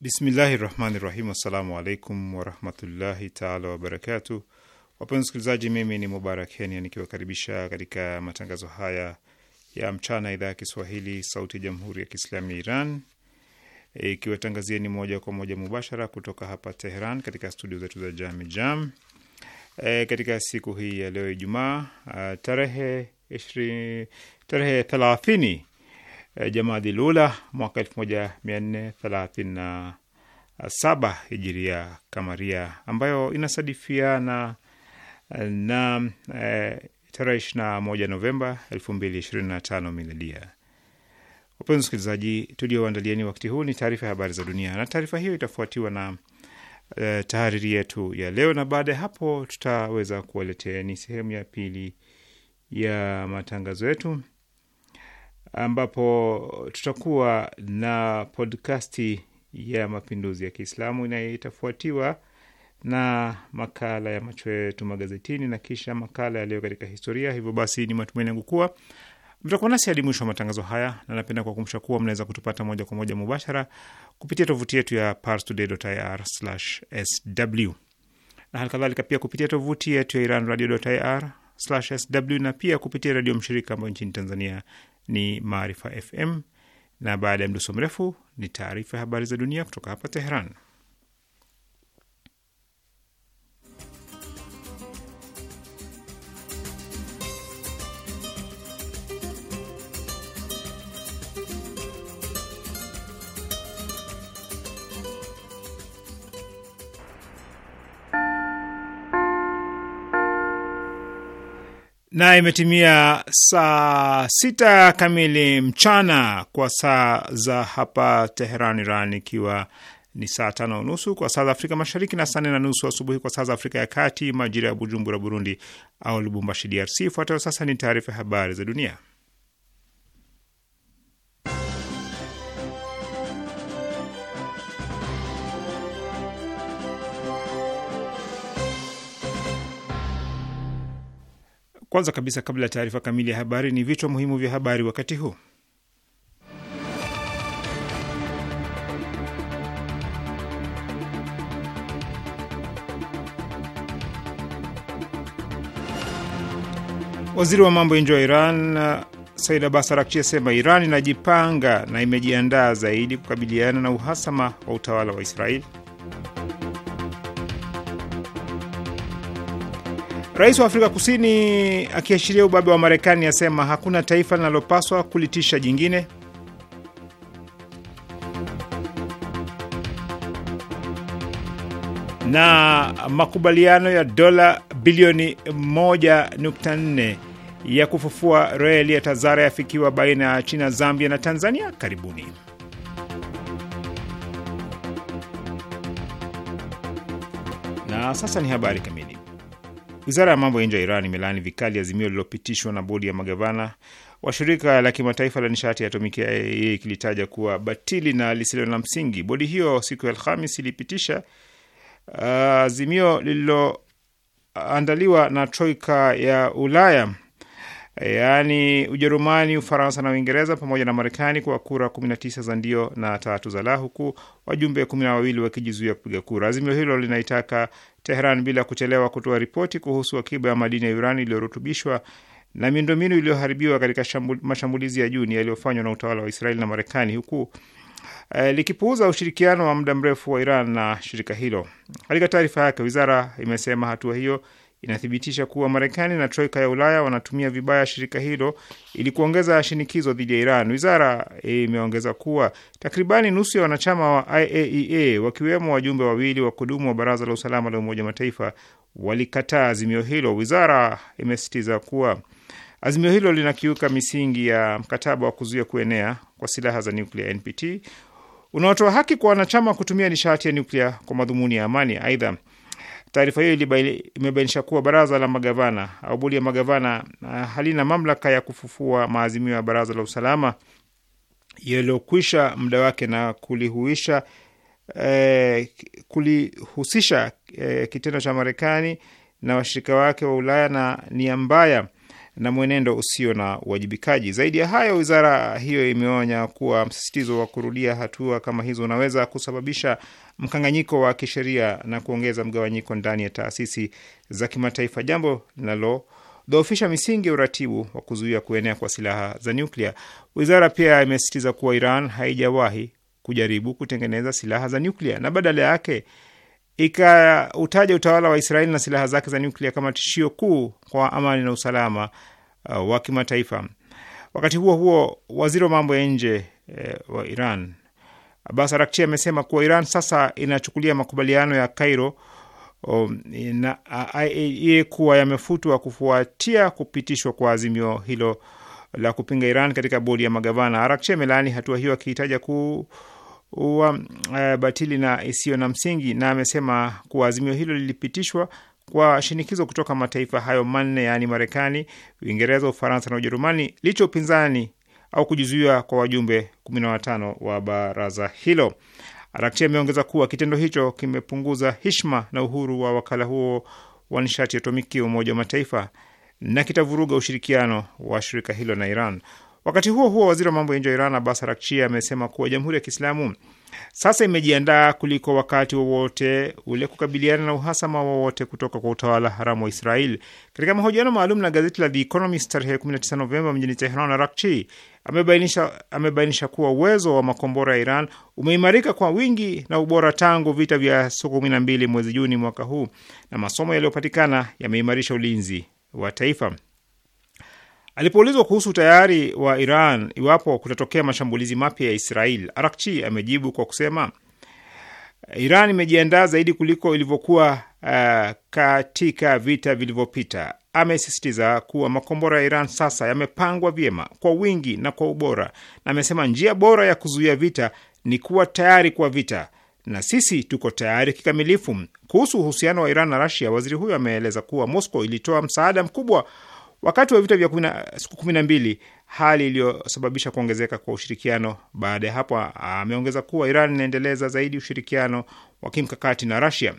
Bismillahi rahmani rahim. Assalamu alaikum warahmatullahi taala wabarakatu. Wapenzi msikilizaji mimi ni Mubarak Kenya nikiwakaribisha katika matangazo haya ya mchana, idhaa ya Kiswahili sauti ya jamhuri ya Kiislamu ya Iran ikiwatangazia ni moja kwa moja mubashara kutoka hapa Tehran katika studio zetu za Jami Jam. E, katika siku hii ya leo Ijumaa tarehe 20 tarehe 30 Eh, Jamadi Lula mwaka 1437 hijiria kamaria, ambayo inasadifiana na e, tarehe moja Novemba 2025 miladia. Wapenzi wasikilizaji, tulioandalieni wakati huu ni taarifa ya habari za dunia, na taarifa hiyo itafuatiwa na e, tahariri yetu ya leo, na baada ya hapo tutaweza ni sehemu ya pili ya matangazo yetu ambapo tutakuwa na podkasti ya mapinduzi ya Kiislamu inayoitafuatiwa na makala ya macho yetu magazetini na kisha makala yaliyo katika historia. Hivyo basi, ni matumaini yangu kuwa mtakuwa nasi hadi mwisho wa matangazo haya, na napenda kuwakumbusha kuwa mnaweza kutupata moja kwa moja mubashara kupitia tovuti yetu ya parstoday.ir/sw na hali kadhalika pia kupitia tovuti yetu ya iranradio.ir/sw na pia kupitia redio mshirika ambayo nchini Tanzania ni Maarifa FM, na baada ya mdoso mrefu ni taarifa ya habari za dunia kutoka hapa Teheran. na imetimia saa sita kamili mchana kwa saa za hapa Teheran, Iran, ikiwa ni saa tano nusu kwa saa za Afrika Mashariki na saa nne na nusu asubuhi kwa saa za Afrika ya Kati, majira ya Bujumbura, Burundi, au Lubumbashi, DRC. Ifuatayo sasa ni taarifa ya habari za dunia. Kwanza kabisa, kabla ya taarifa kamili ya habari, ni vichwa muhimu vya habari wakati huu. Waziri wa mambo ya nje wa Iran Said Abbas Arakchi asema Iran inajipanga na imejiandaa zaidi kukabiliana na uhasama wa utawala wa Israeli. Rais wa Afrika Kusini akiashiria ubabe wa Marekani asema hakuna taifa linalopaswa kulitisha jingine. Na makubaliano ya dola bilioni 1.4 ya kufufua reli ya Tazara yafikiwa baina ya China, Zambia na Tanzania. Karibuni. Na sasa ni habari kamili. Wizara ya mambo ya nje ya Iran imelaani vikali azimio lililopitishwa na bodi ya magavana wa shirika la kimataifa la nishati ya atomiki IAEA ikilitaja kuwa batili na lisilo na msingi. Bodi hiyo siku ya Alhamis ilipitisha uh, azimio uh, lililoandaliwa na troika ya Ulaya yaani Ujerumani, Ufaransa na Uingereza pamoja na Marekani kwa kura 19 za ndio na tatu za la, huku wajumbe kumi na wawili wakijizuia kupiga kura. Azimio hilo linaitaka Teheran bila kuchelewa kutoa ripoti kuhusu akiba ya madini ya urani iliyorutubishwa na miundombinu iliyoharibiwa katika shambul, mashambulizi ya Juni yaliyofanywa na utawala wa Israeli na Marekani, huku eh, likipuuza ushirikiano wa muda mrefu wa Iran na shirika hilo. Katika taarifa yake, wizara imesema hatua hiyo inathibitisha kuwa Marekani na troika ya Ulaya wanatumia vibaya shirika hilo ili kuongeza shinikizo dhidi ya Iran. Wizara eh, imeongeza kuwa takribani nusu ya wanachama wa IAEA e wakiwemo wajumbe wawili wa kudumu wa Baraza la Usalama la Umoja Mataifa walikataa azimio hilo. Wizara imesisitiza kuwa azimio hilo linakiuka misingi ya mkataba wa kuzuia kuenea kwa silaha za nuklia NPT unaotoa haki kwa wanachama kutumia nishati ya nuklia kwa madhumuni ya amani. Aidha, Taarifa hiyo imebainisha kuwa baraza la magavana au bodi ya magavana ah, halina mamlaka ya kufufua maazimio ya baraza la usalama yaliyokwisha muda wake na kulihuisha eh, kulihusisha eh, kitendo cha Marekani na washirika wake wa Ulaya na nia mbaya na mwenendo usio na uwajibikaji. Zaidi ya hayo, wizara hiyo imeonya kuwa msisitizo wa kurudia hatua kama hizo unaweza kusababisha mkanganyiko wa kisheria na kuongeza mgawanyiko ndani ya taasisi za kimataifa, jambo linalo dhoofisha misingi ya uratibu wa kuzuia kuenea kwa silaha za nyuklia. Wizara pia imesisitiza kuwa Iran haijawahi kujaribu kutengeneza silaha za nyuklia na badala yake ikautaja utawala wa Israeli na silaha zake za nyuklia kama tishio kuu kwa amani na usalama uh, wa kimataifa. Wakati huo huo, waziri wa mambo ya nje eh, wa Iran Abbas Araghchi amesema kuwa Iran sasa inachukulia makubaliano ya Cairo um, na uh, IAEA e kuwa yamefutwa kufuatia kupitishwa kwa azimio hilo la kupinga Iran katika bodi ya magavana. Araghchi amelaani hatua hiyo akihitaja ku wa uh, batili na isiyo na msingi, na amesema kuwa azimio hilo lilipitishwa kwa shinikizo kutoka mataifa hayo manne, yaani Marekani, Uingereza, Ufaransa na Ujerumani, licha upinzani au kujizuia kwa wajumbe 15 wa baraza hilo. Arakchi ameongeza kuwa kitendo hicho kimepunguza hishma na uhuru wa wakala huo wa nishati ya atomiki Umoja wa Mataifa na kitavuruga ushirikiano wa shirika hilo na Iran. Wakati huo huo, waziri wa mambo ya nje wa Iran Abbas Araghchi amesema kuwa Jamhuri ya Kiislamu sasa imejiandaa kuliko wakati wowote ule kukabiliana na uhasama wowote kutoka kwa utawala haramu wa Israel. Katika mahojiano maalum na gazeti la The Economist tarehe 19 Novemba mjini Tehran, Araghchi amebainisha, amebainisha kuwa uwezo wa makombora ya Iran umeimarika kwa wingi na ubora tangu vita vya siku 12 mwezi Juni mwaka huu na masomo yaliyopatikana yameimarisha ulinzi wa taifa. Alipoulizwa kuhusu utayari wa Iran iwapo kutatokea mashambulizi mapya ya Israel, Arakchi amejibu kwa kusema Iran imejiandaa zaidi kuliko ilivyokuwa uh, katika vita vilivyopita. Amesisitiza kuwa makombora ya Iran sasa yamepangwa vyema kwa wingi na kwa ubora, na amesema njia bora ya kuzuia vita ni kuwa tayari kwa vita, na sisi tuko tayari kikamilifu. Kuhusu uhusiano wa Iran na Rasia, waziri huyo ameeleza kuwa Moscow ilitoa msaada mkubwa Wakati wa vita vya siku kumi na mbili, hali iliyosababisha kuongezeka kwa ushirikiano. Baada ya hapo, ameongeza kuwa Iran inaendeleza zaidi ushirikiano wa kimkakati na Rasia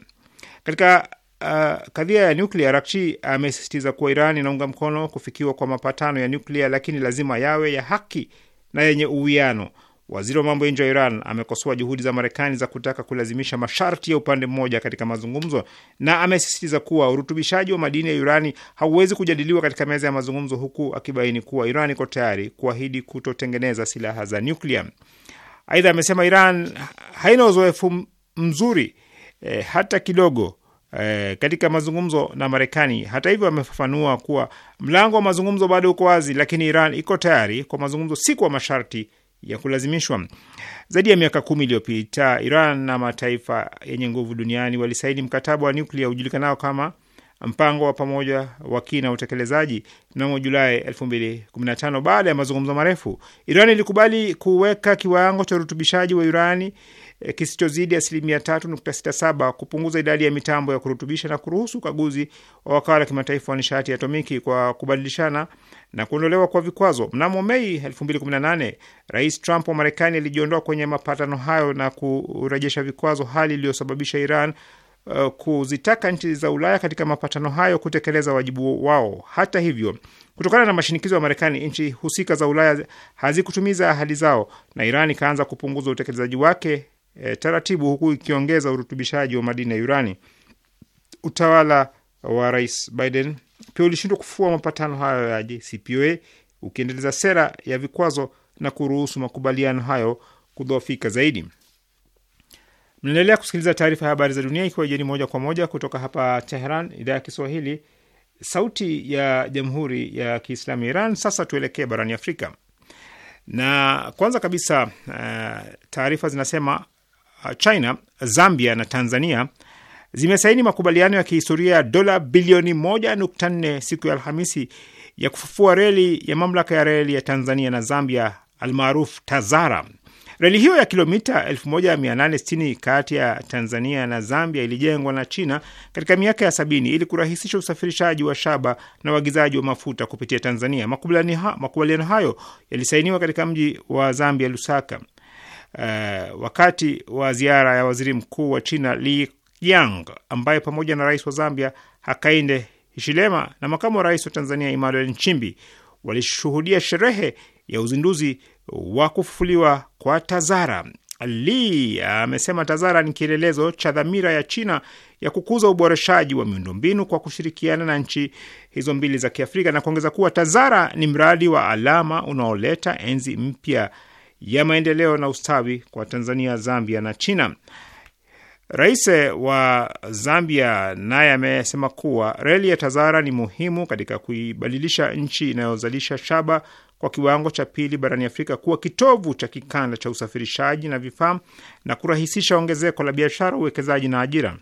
katika uh, kadhia ya nuklia. Rakchi amesisitiza kuwa Iran inaunga mkono kufikiwa kwa mapatano ya nuklia, lakini lazima yawe ya haki na yenye uwiano Waziri wa mambo ya nje wa Iran amekosoa juhudi za Marekani za kutaka kulazimisha masharti ya upande mmoja katika mazungumzo na amesisitiza kuwa urutubishaji wa madini ya urani hauwezi kujadiliwa katika meza ya mazungumzo, huku akibaini kuwa Iran iko tayari kuahidi kutotengeneza silaha za nyuklia. Aidha amesema Iran haina uzoefu mzuri e, hata kidogo E, katika mazungumzo na Marekani. Hata hivyo, amefafanua kuwa mlango wa mazungumzo bado uko wazi, lakini Iran iko tayari kwa mazungumzo, si kwa masharti ya kulazimishwa. Zaidi ya miaka kumi iliyopita, Iran na mataifa yenye nguvu duniani walisaini mkataba wa nuklia ujulikanao kama mpango wa pamoja wa kina utekelezaji mnamo Julai 2015. Baada ya mazungumzo marefu, Iran ilikubali kuweka kiwango cha urutubishaji wa urani eh, kisichozidi asilimia 3.67, kupunguza idadi ya mitambo ya kurutubisha na kuruhusu ukaguzi wa wakala wa kimataifa wa nishati ya atomiki kwa kubadilishana na kuondolewa kwa vikwazo. Mnamo Mei 2018 Rais Trump wa Marekani alijiondoa kwenye mapatano hayo na kurejesha vikwazo, hali iliyosababisha Iran uh, kuzitaka nchi za Ulaya katika mapatano hayo kutekeleza wajibu wao. Hata hivyo, kutokana na mashinikizo ya Marekani, nchi husika za Ulaya hazikutumiza ahadi zao na Iran ikaanza kupunguza utekelezaji wake eh, taratibu, huku ikiongeza urutubishaji wa madini ya urani. Utawala wa rais Biden pia ulishindwa kufua mapatano hayo ya JCPOA ukiendeleza sera ya vikwazo na kuruhusu makubaliano hayo kudhoofika zaidi. Mnaendelea kusikiliza taarifa ya habari za dunia ikiwa jeni moja kwa moja kutoka hapa Teheran, idhaa ya Kiswahili, sauti ya jamhuri ya kiislamu ya Iran. Sasa tuelekee barani Afrika na kwanza kabisa uh, taarifa zinasema eh, China, Zambia na Tanzania zimesaini makubaliano ya kihistoria ya dola bilioni 1.4 siku ya Alhamisi ya kufufua reli ya mamlaka ya reli ya Tanzania na Zambia almaarufu TAZARA. Reli hiyo ya kilomita 1860 kati ya Tanzania na Zambia ilijengwa na China katika miaka ya sabini ili kurahisisha usafirishaji wa shaba na uagizaji wa mafuta kupitia Tanzania. Makubaliano hayo yalisainiwa katika mji wa Zambia, Lusaka, uh, wakati wa ziara ya waziri mkuu wa China Li Young ambaye pamoja na rais wa Zambia Hakainde Hichilema na makamu wa rais wa Tanzania Emmanuel Nchimbi walishuhudia sherehe ya uzinduzi wa kufufuliwa kwa Tazara. Li amesema Tazara ni kielelezo cha dhamira ya China ya kukuza uboreshaji wa miundombinu kwa kushirikiana na nchi hizo mbili za Kiafrika, na kuongeza kuwa Tazara ni mradi wa alama unaoleta enzi mpya ya maendeleo na ustawi kwa Tanzania, Zambia na China. Rais wa Zambia naye amesema kuwa reli ya Tazara ni muhimu katika kuibadilisha nchi inayozalisha shaba kwa kiwango cha pili barani Afrika kuwa kitovu cha kikanda cha usafirishaji na vifaa na kurahisisha ongezeko la biashara, uwekezaji na ajira.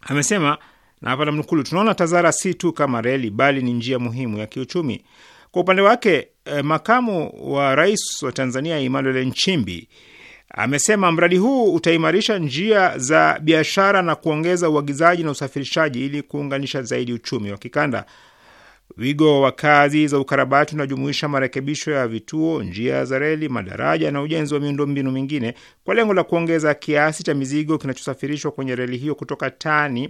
Amesema na hapa namnukulu, tunaona Tazara si tu kama reli bali ni njia muhimu ya kiuchumi. Kwa upande wake, eh, makamu wa rais wa Tanzania Emmanuel Nchimbi Amesema mradi huu utaimarisha njia za biashara na kuongeza uagizaji na usafirishaji ili kuunganisha zaidi uchumi wa kikanda. Wigo wa kazi za ukarabati unajumuisha marekebisho ya vituo, njia za reli, madaraja na ujenzi wa miundombinu mingine kwa lengo la kuongeza kiasi cha mizigo kinachosafirishwa kwenye reli hiyo kutoka tani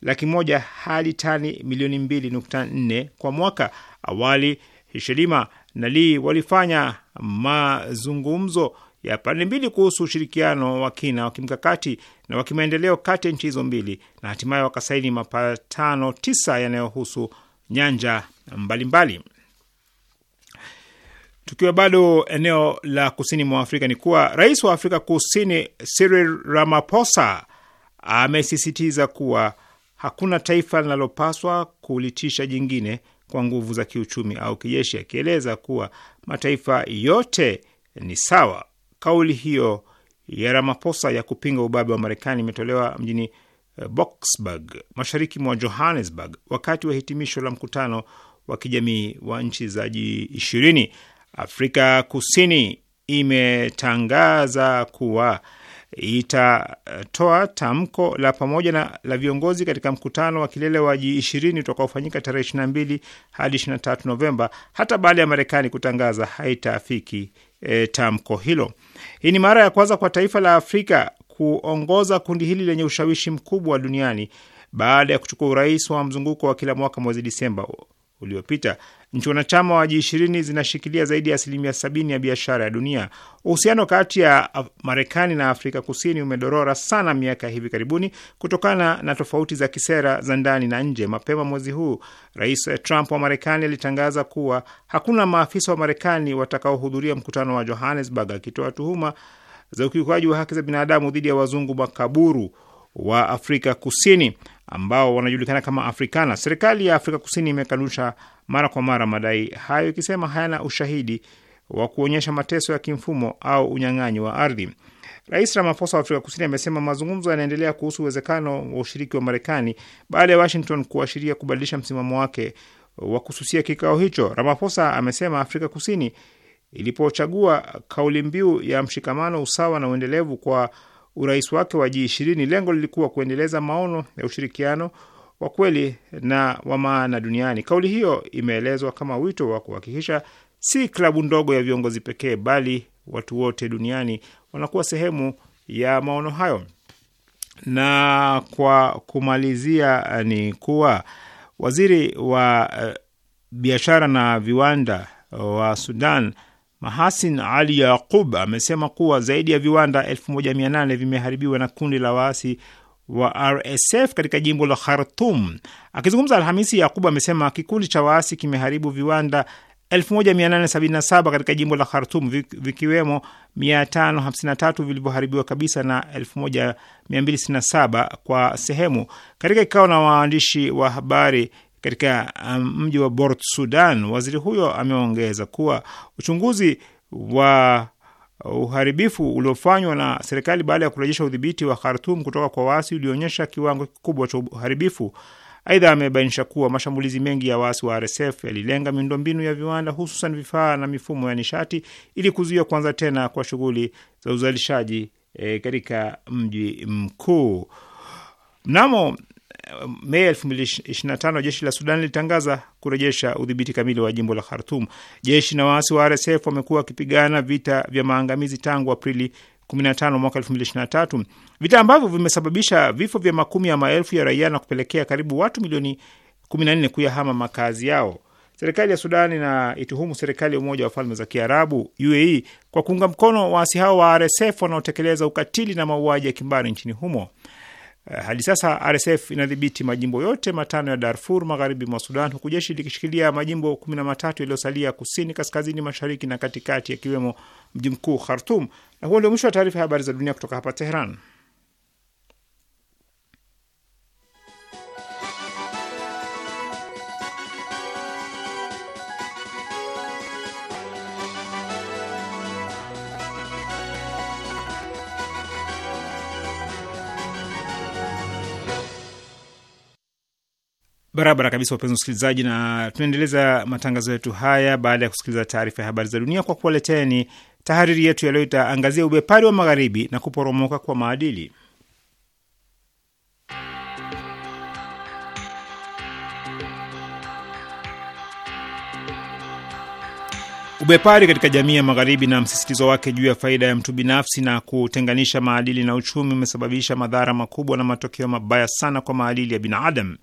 laki moja hadi tani milioni mbili nukta nne kwa mwaka. Awali Hishelima na Lii walifanya mazungumzo ya pande mbili kuhusu ushirikiano wa kina wa kimkakati na wa kimaendeleo kati ya nchi hizo mbili, na hatimaye wakasaini mapatano tisa yanayohusu nyanja mbalimbali mbali. Tukiwa bado eneo la kusini mwa Afrika, ni kuwa rais wa Afrika Kusini Cyril Ramaphosa amesisitiza kuwa hakuna taifa linalopaswa kulitisha jingine kwa nguvu za kiuchumi au kijeshi, akieleza kuwa mataifa yote ni sawa. Kauli hiyo ya Ramaphosa ya kupinga ubabe wa Marekani imetolewa mjini eh, Boksburg, mashariki mwa Johannesburg, wakati wa hitimisho la mkutano wa kijamii wa nchi za ji ishirini Afrika Kusini imetangaza kuwa itatoa tamko la pamoja na la viongozi katika mkutano wa kilele wa ji ishirini utakaofanyika tarehe mbili hadi 23 Novemba, hata baada ya Marekani kutangaza haitafiki e, tamko hilo. Hii ni mara ya kwanza kwa taifa la Afrika kuongoza kundi hili lenye ushawishi mkubwa duniani baada ya kuchukua urais wa mzunguko wa kila mwaka mwezi Disemba uliopita. Nchi wanachama wa ji ishirini zinashikilia zaidi ya asilimia sabini ya biashara ya dunia. Uhusiano kati ya Marekani na Afrika Kusini umedorora sana miaka ya hivi karibuni kutokana na tofauti za kisera za ndani na nje. Mapema mwezi huu, Rais Trump wa Marekani alitangaza kuwa hakuna maafisa wa Marekani watakaohudhuria mkutano wa Johannesburg, akitoa tuhuma za ukiukaji wa haki za binadamu dhidi ya wazungu makaburu wa Afrika Kusini ambao wanajulikana kama Afrikana. Serikali ya Afrika Kusini imekanusha mara kwa mara madai hayo, ikisema hayana ushahidi wa kuonyesha mateso ya kimfumo au unyang'anyi wa ardhi. Rais Ramaphosa wa Afrika Kusini amesema mazungumzo yanaendelea kuhusu uwezekano wa ushiriki wa Marekani baada ya Washington kuashiria kubadilisha msimamo wake wa kususia kikao hicho. Ramaphosa amesema Afrika Kusini ilipochagua kauli mbiu ya mshikamano, usawa na uendelevu kwa urais wake wa G20 lengo lilikuwa kuendeleza maono ya ushirikiano wa kweli na wa maana duniani. Kauli hiyo imeelezwa kama wito wa kuhakikisha si klabu ndogo ya viongozi pekee, bali watu wote duniani wanakuwa sehemu ya maono hayo. Na kwa kumalizia, eh, ni kuwa waziri wa uh, biashara na viwanda wa Sudan Mahasin Ali Yaqub amesema kuwa zaidi ya viwanda 1800 vimeharibiwa na kundi la waasi wa RSF katika jimbo la Khartum. Akizungumza Alhamisi, Yaqub amesema kikundi cha waasi kimeharibu viwanda 1877 katika jimbo la Khartum, vikiwemo 553 vilivyoharibiwa kabisa na 1267 kwa sehemu. Katika kikao na waandishi wa habari katika um, mji wa Port Sudan. Waziri huyo ameongeza kuwa uchunguzi wa uharibifu uliofanywa na serikali baada ya kurejesha udhibiti wa Khartoum kutoka kwa waasi ulionyesha kiwango kikubwa cha uharibifu. Aidha, amebainisha kuwa mashambulizi mengi ya waasi wa RSF yalilenga miundombinu ya viwanda, hususan vifaa na mifumo ya nishati, ili kuzuia kuanza tena kwa shughuli za uzalishaji e, katika mji mkuu. Mnamo Mei 2025 jeshi la Sudan lilitangaza kurejesha udhibiti kamili wa jimbo la Khartum. Jeshi na waasi wa RSF wamekuwa wakipigana vita vya maangamizi tangu Aprili 15 mwaka 2023, vita ambavyo vimesababisha vifo vya makumi ya maelfu ya raia na kupelekea karibu watu milioni 14 kuyahama makazi yao. Serikali ya Sudan inaituhumu serikali ya Umoja wa Falme za Kiarabu UAE kwa kuunga mkono waasi hao wa RSF wanaotekeleza ukatili na mauaji ya kimbari nchini humo. Eh, hadi sasa RSF inadhibiti majimbo yote matano ya Darfur magharibi mwa Sudan, huku jeshi likishikilia majimbo kumi na matatu yaliyosalia kusini, kaskazini, mashariki na katikati, yakiwemo mji mkuu Khartum. Na huo ndio mwisho wa taarifa ya habari za dunia kutoka hapa Teheran. Barabara kabisa, wapenzi usikilizaji na tunaendeleza matangazo yetu haya baada ya kusikiliza taarifa ya habari za dunia kwa kuwaleteni tahariri yetu ya leo. Itaangazia ubepari wa magharibi na kuporomoka kwa maadili. Ubepari katika jamii ya magharibi na msisitizo wake juu ya faida ya mtu binafsi na kutenganisha maadili na uchumi umesababisha madhara makubwa na matokeo mabaya sana kwa maadili ya binadamu.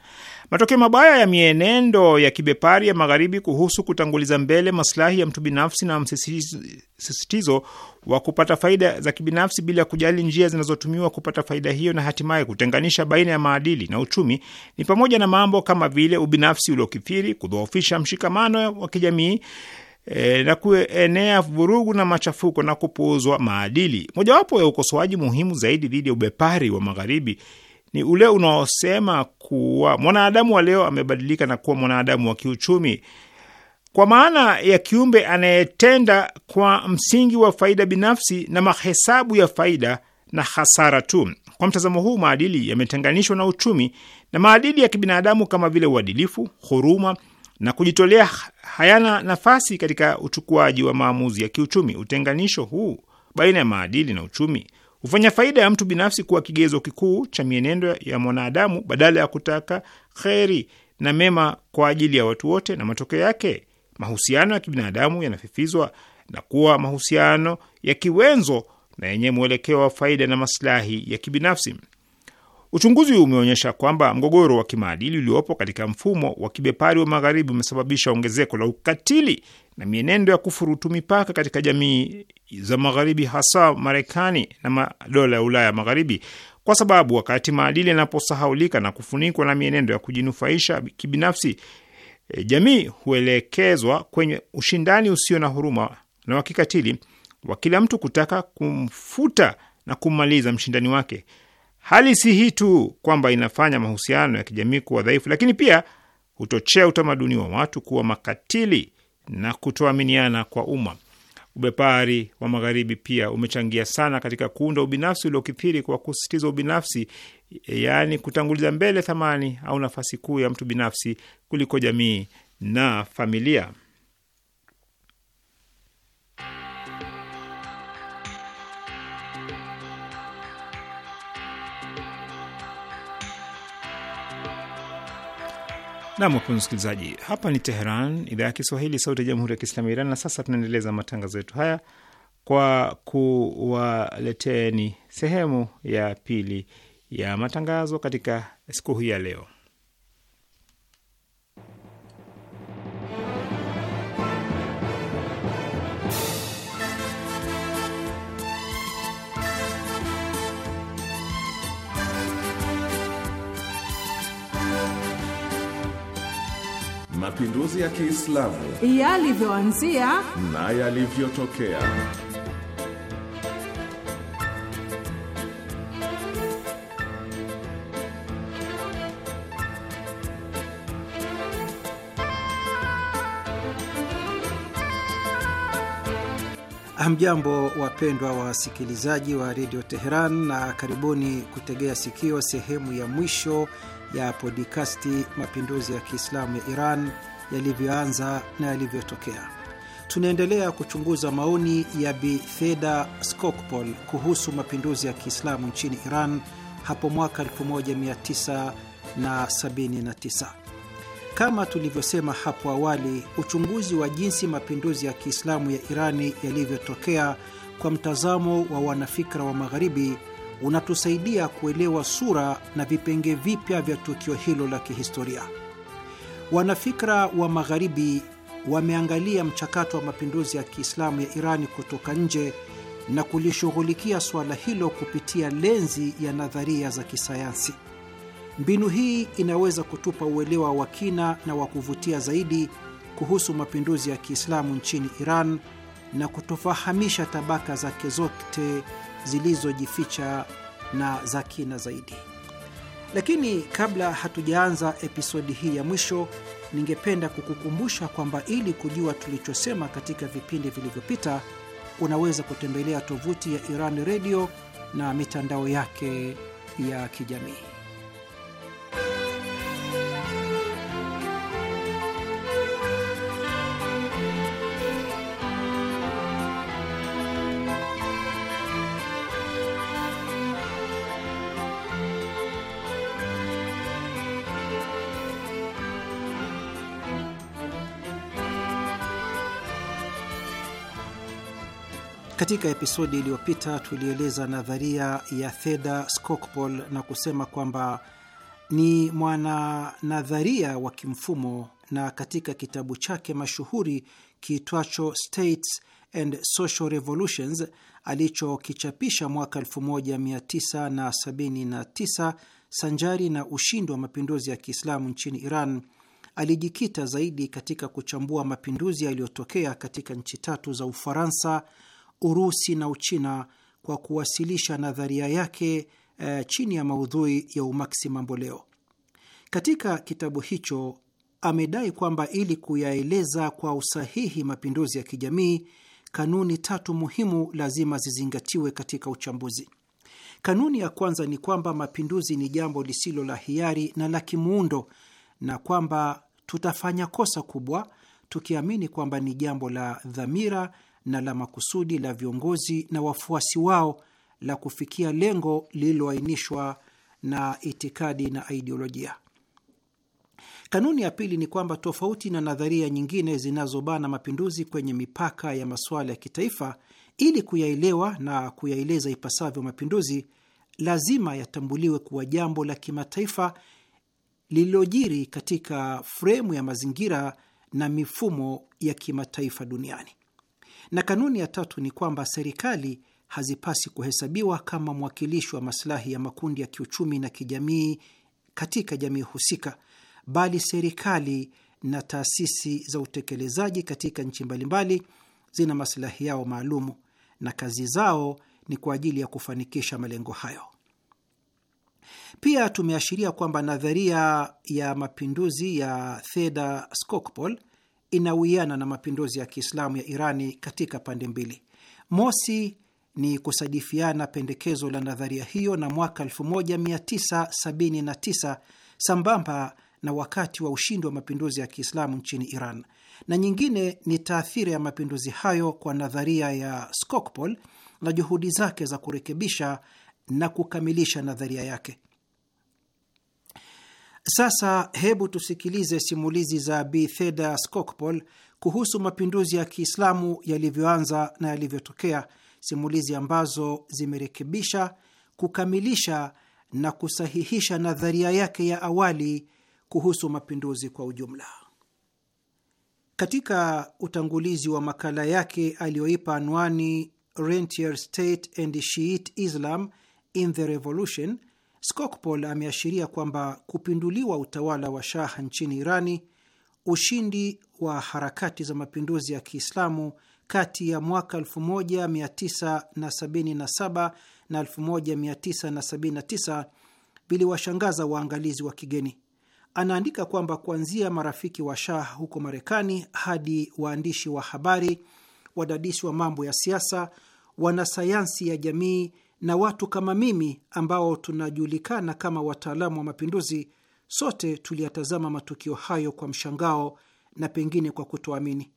Matokeo mabaya ya mienendo ya kibepari ya Magharibi kuhusu kutanguliza mbele maslahi ya mtu binafsi na msisitizo wa kupata faida za kibinafsi bila kujali njia zinazotumiwa kupata faida hiyo na hatimaye kutenganisha baina ya maadili na uchumi ni pamoja na mambo kama vile ubinafsi uliokithiri, kudhoofisha mshikamano wa kijamii E, na kuenea vurugu na machafuko na kupuuzwa maadili. Mojawapo ya ukosoaji muhimu zaidi dhidi ya ubepari wa Magharibi ni ule unaosema kuwa mwanadamu wa leo amebadilika na kuwa mwanadamu wa kiuchumi, kwa maana ya kiumbe anayetenda kwa msingi wa faida binafsi na mahesabu ya faida na hasara tu. Kwa mtazamo huu, maadili yametenganishwa na uchumi, na maadili ya kibinadamu kama vile uadilifu, huruma na kujitolea hayana nafasi katika uchukuaji wa maamuzi ya kiuchumi. Utenganisho huu baina ya maadili na uchumi hufanya faida ya mtu binafsi kuwa kigezo kikuu cha mienendo ya mwanadamu badala ya kutaka kheri na mema kwa ajili ya watu wote, na matokeo yake mahusiano ya kibinadamu yanafifizwa na kuwa mahusiano ya kiwenzo na yenye mwelekeo wa faida na maslahi ya kibinafsi. Uchunguzi umeonyesha kwamba mgogoro wa kimaadili uliopo katika mfumo wa kibepari wa Magharibi umesababisha ongezeko la ukatili na mienendo ya kufurutu mipaka katika jamii za Magharibi, hasa Marekani na madola ya Ulaya Magharibi, kwa sababu wakati maadili yanaposahaulika na kufunikwa na mienendo ya kujinufaisha kibinafsi, e, jamii huelekezwa kwenye ushindani usio na huruma na wa kikatili wa kila mtu kutaka kumfuta na kummaliza mshindani wake. Hali si hii tu kwamba inafanya mahusiano ya kijamii kuwa dhaifu, lakini pia huchochea utamaduni wa watu kuwa makatili na kutoaminiana kwa umma. Ubepari wa magharibi pia umechangia sana katika kuunda ubinafsi uliokithiri kwa kusisitiza ubinafsi, yaani kutanguliza mbele thamani au nafasi kuu ya mtu binafsi kuliko jamii na familia. Nam, wapenzi msikilizaji, hapa ni Teheran, idhaa ya Kiswahili, sauti ya jamhuri ya kiislamu ya Iran. Na sasa tunaendeleza matangazo yetu haya kwa kuwaleteni sehemu ya pili ya matangazo katika siku hii ya leo. mapinduzi ya Kiislamu yalivyoanzia na yalivyotokea. Hamjambo, wapendwa wasikilizaji wa redio Teheran, na karibuni kutegea sikio sehemu ya mwisho ya podikasti mapinduzi ya Kiislamu ya Iran yalivyoanza na yalivyotokea. Tunaendelea kuchunguza maoni ya bitheda Theda Skocpol kuhusu mapinduzi ya Kiislamu nchini Iran hapo mwaka 1979. Kama tulivyosema hapo awali, uchunguzi wa jinsi mapinduzi ya Kiislamu ya Irani yalivyotokea kwa mtazamo wa wanafikra wa Magharibi unatusaidia kuelewa sura na vipenge vipya vya tukio hilo la kihistoria. Wanafikra wa Magharibi wameangalia mchakato wa mapinduzi ya Kiislamu ya Irani kutoka nje na kulishughulikia suala hilo kupitia lenzi ya nadharia za kisayansi. Mbinu hii inaweza kutupa uelewa wa kina na wa kuvutia zaidi kuhusu mapinduzi ya Kiislamu nchini Iran na kutofahamisha tabaka zake zote zilizojificha na za kina zaidi. Lakini kabla hatujaanza episodi hii ya mwisho, ningependa kukukumbusha kwamba ili kujua tulichosema katika vipindi vilivyopita, unaweza kutembelea tovuti ya Iran Radio na mitandao yake ya kijamii. Katika episodi iliyopita tulieleza nadharia ya Theda Skocpol na kusema kwamba ni mwananadharia wa kimfumo, na katika kitabu chake mashuhuri kiitwacho States and Social Revolutions alichokichapisha mwaka 1979 sanjari na ushindi wa mapinduzi ya Kiislamu nchini Iran, alijikita zaidi katika kuchambua mapinduzi yaliyotokea katika nchi tatu za Ufaransa, Urusi na Uchina kwa kuwasilisha nadharia yake e, chini ya maudhui ya umaksi mamboleo. Katika kitabu hicho amedai kwamba ili kuyaeleza kwa usahihi mapinduzi ya kijamii, kanuni tatu muhimu lazima zizingatiwe katika uchambuzi. Kanuni ya kwanza ni kwamba mapinduzi ni jambo lisilo la hiari na la kimuundo, na kwamba tutafanya kosa kubwa tukiamini kwamba ni jambo la dhamira na la makusudi la viongozi na wafuasi wao la kufikia lengo lililoainishwa na itikadi na ideolojia. Kanuni ya pili ni kwamba tofauti na nadharia nyingine zinazobana mapinduzi kwenye mipaka ya masuala ya kitaifa, ili kuyaelewa na kuyaeleza ipasavyo mapinduzi, lazima yatambuliwe kuwa jambo la kimataifa lililojiri katika fremu ya mazingira na mifumo ya kimataifa duniani. Na kanuni ya tatu ni kwamba serikali hazipasi kuhesabiwa kama mwakilishi wa masilahi ya makundi ya kiuchumi na kijamii katika jamii husika, bali serikali na taasisi za utekelezaji katika nchi mbalimbali zina masilahi yao maalumu na kazi zao ni kwa ajili ya kufanikisha malengo hayo. Pia tumeashiria kwamba nadharia ya mapinduzi ya Theda Skocpol inawiana na mapinduzi ya Kiislamu ya Irani katika pande mbili. Mosi ni kusadifiana pendekezo la nadharia hiyo na mwaka 1979 sambamba na wakati wa ushindi wa mapinduzi ya Kiislamu nchini Iran, na nyingine ni taathira ya mapinduzi hayo kwa nadharia ya Skocpol na juhudi zake za kurekebisha na kukamilisha nadharia yake. Sasa hebu tusikilize simulizi za Bi Theda Skocpol kuhusu mapinduzi ya Kiislamu yalivyoanza na yalivyotokea, simulizi ambazo zimerekebisha, kukamilisha na kusahihisha nadharia yake ya awali kuhusu mapinduzi kwa ujumla. Katika utangulizi wa makala yake aliyoipa anwani Rentier State and Shiite Islam in the Revolution Skocpol ameashiria kwamba kupinduliwa utawala wa Shah nchini Irani, ushindi wa harakati za mapinduzi ya Kiislamu kati ya mwaka 1977 na 1979 viliwashangaza waangalizi wa kigeni. Anaandika kwamba kuanzia marafiki wa Shah huko Marekani hadi waandishi wa habari, wadadisi wa mambo ya siasa, wanasayansi ya jamii na watu kama mimi ambao tunajulikana kama wataalamu wa mapinduzi, sote tuliyatazama matukio hayo kwa mshangao na pengine kwa kutoamini.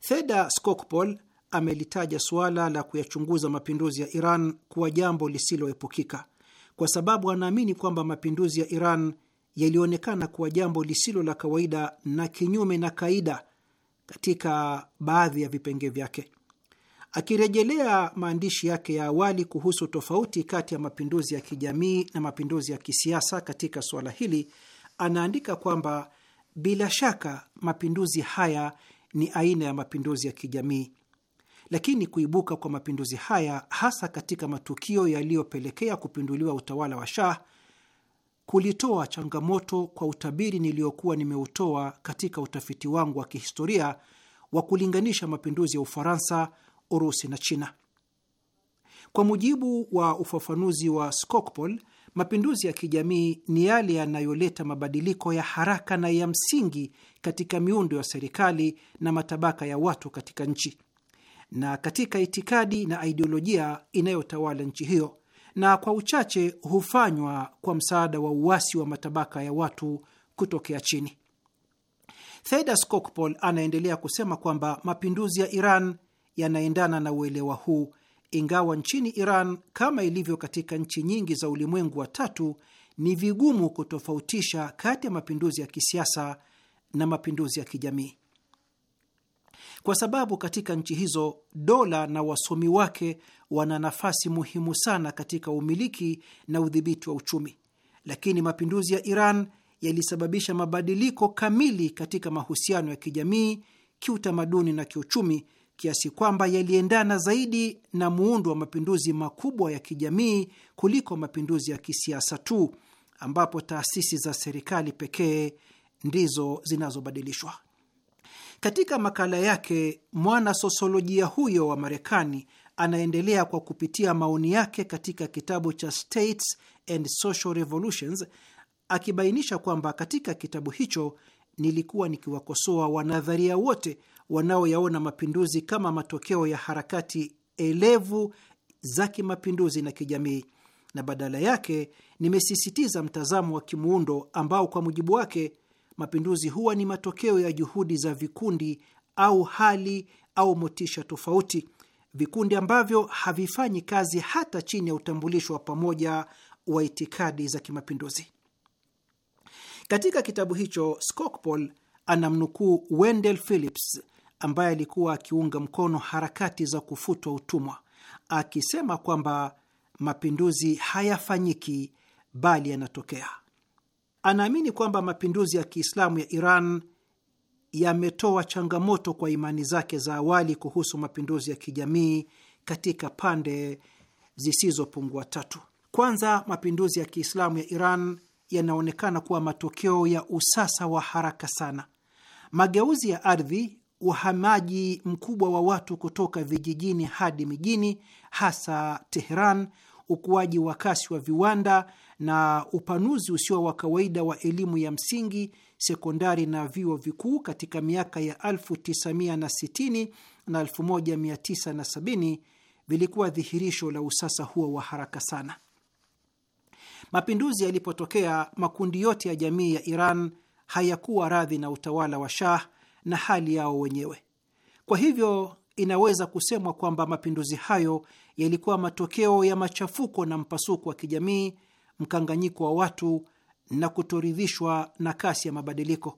Theda Skocpol amelitaja suala la kuyachunguza mapinduzi ya Iran kuwa jambo lisiloepukika kwa sababu anaamini kwamba mapinduzi ya Iran yalionekana kuwa jambo lisilo la kawaida na kinyume na kaida katika baadhi ya vipenge vyake. Akirejelea maandishi yake ya awali kuhusu tofauti kati ya mapinduzi ya kijamii na mapinduzi ya kisiasa katika suala hili, anaandika kwamba bila shaka mapinduzi haya ni aina ya mapinduzi ya kijamii, lakini kuibuka kwa mapinduzi haya, hasa katika matukio yaliyopelekea kupinduliwa utawala wa Shah, kulitoa changamoto kwa utabiri niliyokuwa nimeutoa katika utafiti wangu wa kihistoria wa kulinganisha mapinduzi ya Ufaransa Urusi na China. Kwa mujibu wa ufafanuzi wa Skocpol, mapinduzi ya kijamii ni yale yanayoleta mabadiliko ya haraka na ya msingi katika miundo ya serikali na matabaka ya watu katika nchi na katika itikadi na aidiolojia inayotawala nchi hiyo, na kwa uchache hufanywa kwa msaada wa uasi wa matabaka ya watu kutokea chini. Theda Skocpol anaendelea kusema kwamba mapinduzi ya Iran yanaendana na uelewa huu, ingawa nchini Iran kama ilivyo katika nchi nyingi za ulimwengu wa tatu ni vigumu kutofautisha kati ya mapinduzi ya kisiasa na mapinduzi ya kijamii, kwa sababu katika nchi hizo dola na wasomi wake wana nafasi muhimu sana katika umiliki na udhibiti wa uchumi. Lakini mapinduzi ya Iran yalisababisha mabadiliko kamili katika mahusiano ya kijamii, kiutamaduni na kiuchumi kiasi kwamba yaliendana zaidi na muundo wa mapinduzi makubwa ya kijamii kuliko mapinduzi ya kisiasa tu, ambapo taasisi za serikali pekee ndizo zinazobadilishwa. Katika makala yake, mwana sosiolojia huyo wa Marekani anaendelea kwa kupitia maoni yake katika kitabu cha States and Social Revolutions, akibainisha kwamba katika kitabu hicho nilikuwa nikiwakosoa wanadharia wote wanaoyaona mapinduzi kama matokeo ya harakati elevu za kimapinduzi na kijamii, na badala yake nimesisitiza mtazamo wa kimuundo ambao kwa mujibu wake mapinduzi huwa ni matokeo ya juhudi za vikundi au hali au motisha tofauti, vikundi ambavyo havifanyi kazi hata chini ya utambulisho wa pamoja wa itikadi za kimapinduzi. Katika kitabu hicho Skocpol anamnukuu Wendell Phillips ambaye alikuwa akiunga mkono harakati za kufutwa utumwa, akisema kwamba mapinduzi hayafanyiki bali yanatokea. Anaamini kwamba mapinduzi ya Kiislamu ya Iran yametoa changamoto kwa imani zake za awali kuhusu mapinduzi ya kijamii katika pande zisizopungua tatu. Kwanza, mapinduzi ya Kiislamu ya Iran yanaonekana kuwa matokeo ya usasa wa haraka sana. Mageuzi ya ardhi uhamaji mkubwa wa watu kutoka vijijini hadi mijini, hasa Teheran, ukuaji wa kasi wa viwanda na upanuzi usio wa kawaida wa elimu ya msingi, sekondari na vyuo vikuu katika miaka ya 1960 na 1970 vilikuwa dhihirisho la usasa huo wa haraka sana. Mapinduzi yalipotokea, makundi yote ya jamii ya Iran hayakuwa radhi na utawala wa Shah na hali yao wenyewe. Kwa hivyo inaweza kusemwa kwamba mapinduzi hayo yalikuwa matokeo ya machafuko na mpasuko wa kijamii, mkanganyiko wa watu na kutoridhishwa na kasi ya mabadiliko.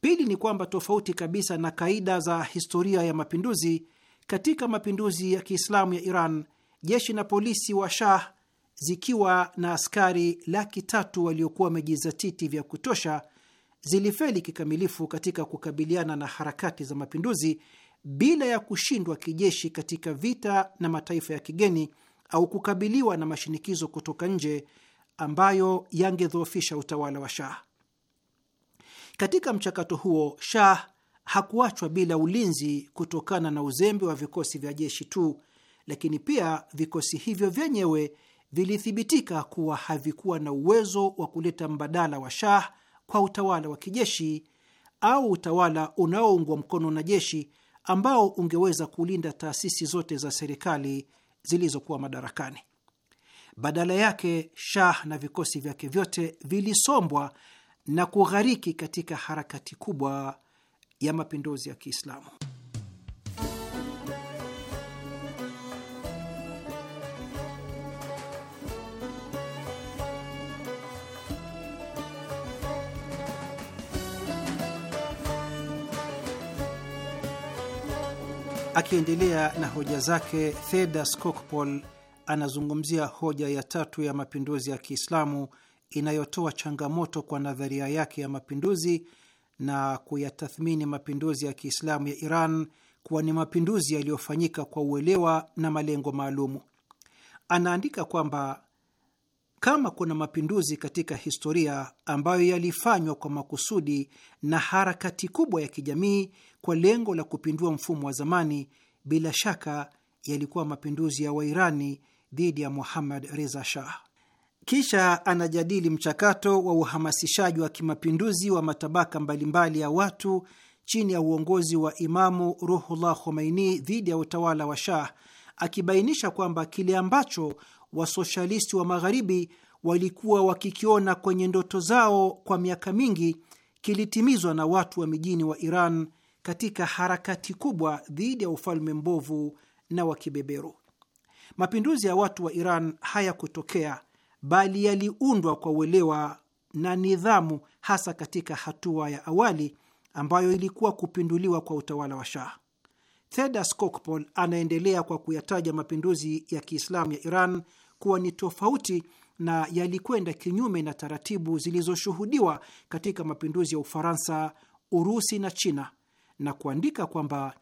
Pili ni kwamba tofauti kabisa na kaida za historia ya mapinduzi, katika mapinduzi ya Kiislamu ya Iran jeshi na polisi wa Shah zikiwa na askari laki tatu waliokuwa wamejizatiti vya kutosha zilifeli kikamilifu katika kukabiliana na harakati za mapinduzi bila ya kushindwa kijeshi katika vita na mataifa ya kigeni au kukabiliwa na mashinikizo kutoka nje ambayo yangedhoofisha utawala wa Shah. Katika mchakato huo, Shah hakuachwa bila ulinzi kutokana na uzembe wa vikosi vya jeshi tu, lakini pia vikosi hivyo vyenyewe vilithibitika kuwa havikuwa na uwezo wa kuleta mbadala wa Shah kwa utawala wa kijeshi au utawala unaoungwa mkono na jeshi ambao ungeweza kulinda taasisi zote za serikali zilizokuwa madarakani. Badala yake, Shah na vikosi vyake vyote vilisombwa na kughariki katika harakati kubwa ya mapinduzi ya Kiislamu. Akiendelea na hoja zake, Theda Skocpol anazungumzia hoja ya tatu ya mapinduzi ya Kiislamu inayotoa changamoto kwa nadharia yake ya mapinduzi na kuyatathmini mapinduzi ya Kiislamu ya Iran kuwa ni mapinduzi yaliyofanyika kwa uelewa na malengo maalumu. Anaandika kwamba kama kuna mapinduzi katika historia ambayo yalifanywa kwa makusudi na harakati kubwa ya kijamii kwa lengo la kupindua mfumo wa zamani, bila shaka yalikuwa mapinduzi ya Wairani dhidi ya Muhammad Reza Shah. Kisha anajadili mchakato wa uhamasishaji wa kimapinduzi wa matabaka mbalimbali ya watu chini ya uongozi wa Imamu Ruhullah Khomeini dhidi ya utawala wa Shah, akibainisha kwamba kile ambacho wasoshalisti wa magharibi walikuwa wakikiona kwenye ndoto zao kwa miaka mingi kilitimizwa na watu wa mijini wa Iran katika harakati kubwa dhidi ya ufalme mbovu na wa kibeberu. Mapinduzi ya watu wa Iran hayakutokea bali yaliundwa kwa uelewa na nidhamu, hasa katika hatua ya awali ambayo ilikuwa kupinduliwa kwa utawala wa Shah. Theda Skocpol anaendelea kwa kuyataja mapinduzi ya Kiislamu ya Iran kuwa ni tofauti na yalikwenda kinyume na taratibu zilizoshuhudiwa katika mapinduzi ya Ufaransa, Urusi na China, na kuandika kwamba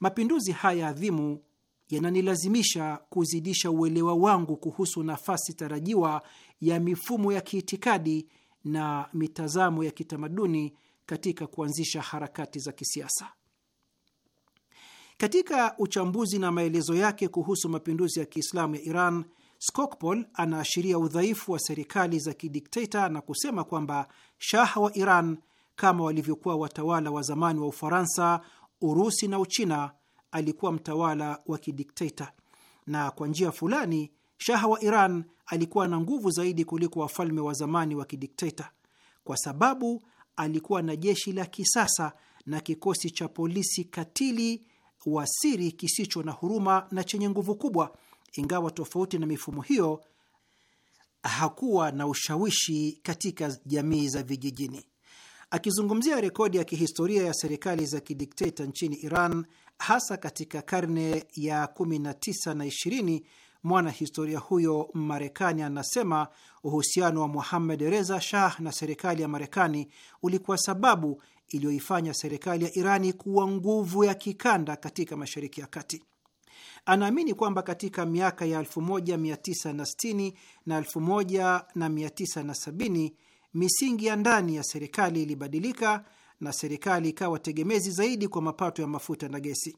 mapinduzi haya adhimu yananilazimisha kuzidisha uelewa wangu kuhusu nafasi tarajiwa ya mifumo ya kiitikadi na mitazamo ya kitamaduni katika kuanzisha harakati za kisiasa. Katika uchambuzi na maelezo yake kuhusu mapinduzi ya Kiislamu ya Iran, Skocpol anaashiria udhaifu wa serikali za kidikteta na kusema kwamba shaha wa Iran kama walivyokuwa watawala wa zamani wa Ufaransa, Urusi na Uchina alikuwa mtawala wa kidikteta, na kwa njia fulani Shaha wa Iran alikuwa na nguvu zaidi kuliko wafalme wa zamani wa kidikteta, kwa sababu alikuwa na jeshi la kisasa na kikosi cha polisi katili wa siri kisicho na huruma na chenye nguvu kubwa ingawa tofauti na mifumo hiyo hakuwa na ushawishi katika jamii za vijijini. Akizungumzia rekodi ya kihistoria ya serikali za kidikteta nchini Iran, hasa katika karne ya 19 na 20, mwanahistoria huyo Marekani anasema uhusiano wa Muhammad Reza Shah na serikali ya Marekani ulikuwa sababu iliyoifanya serikali ya Irani kuwa nguvu ya kikanda katika Mashariki ya Kati. Anaamini kwamba katika miaka ya 1960 na 1970 misingi ya ndani ya serikali ilibadilika na serikali ikawa tegemezi zaidi kwa mapato ya mafuta na gesi.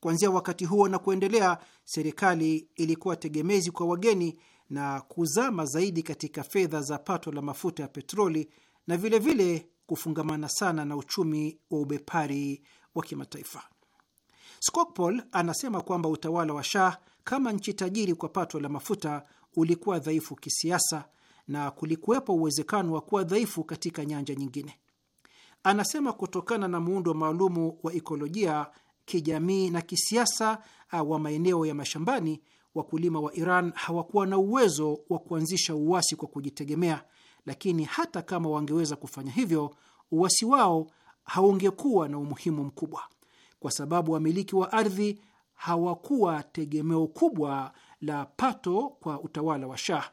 Kuanzia wakati huo na kuendelea, serikali ilikuwa tegemezi kwa wageni na kuzama zaidi katika fedha za pato la mafuta ya petroli na vilevile vile kufungamana sana na uchumi wa ubepari wa kimataifa. Skocpol anasema kwamba utawala wa Shah kama nchi tajiri kwa pato la mafuta ulikuwa dhaifu kisiasa na kulikuwepo uwezekano wa kuwa dhaifu katika nyanja nyingine. Anasema kutokana na muundo maalumu wa ikolojia, kijamii na kisiasa ah, wa maeneo ya mashambani, wakulima wa Iran hawakuwa na uwezo wa kuanzisha uasi kwa kujitegemea, lakini hata kama wangeweza kufanya hivyo, uasi wao haungekuwa na umuhimu mkubwa kwa sababu wamiliki wa ardhi hawakuwa tegemeo kubwa la pato kwa utawala wa Shah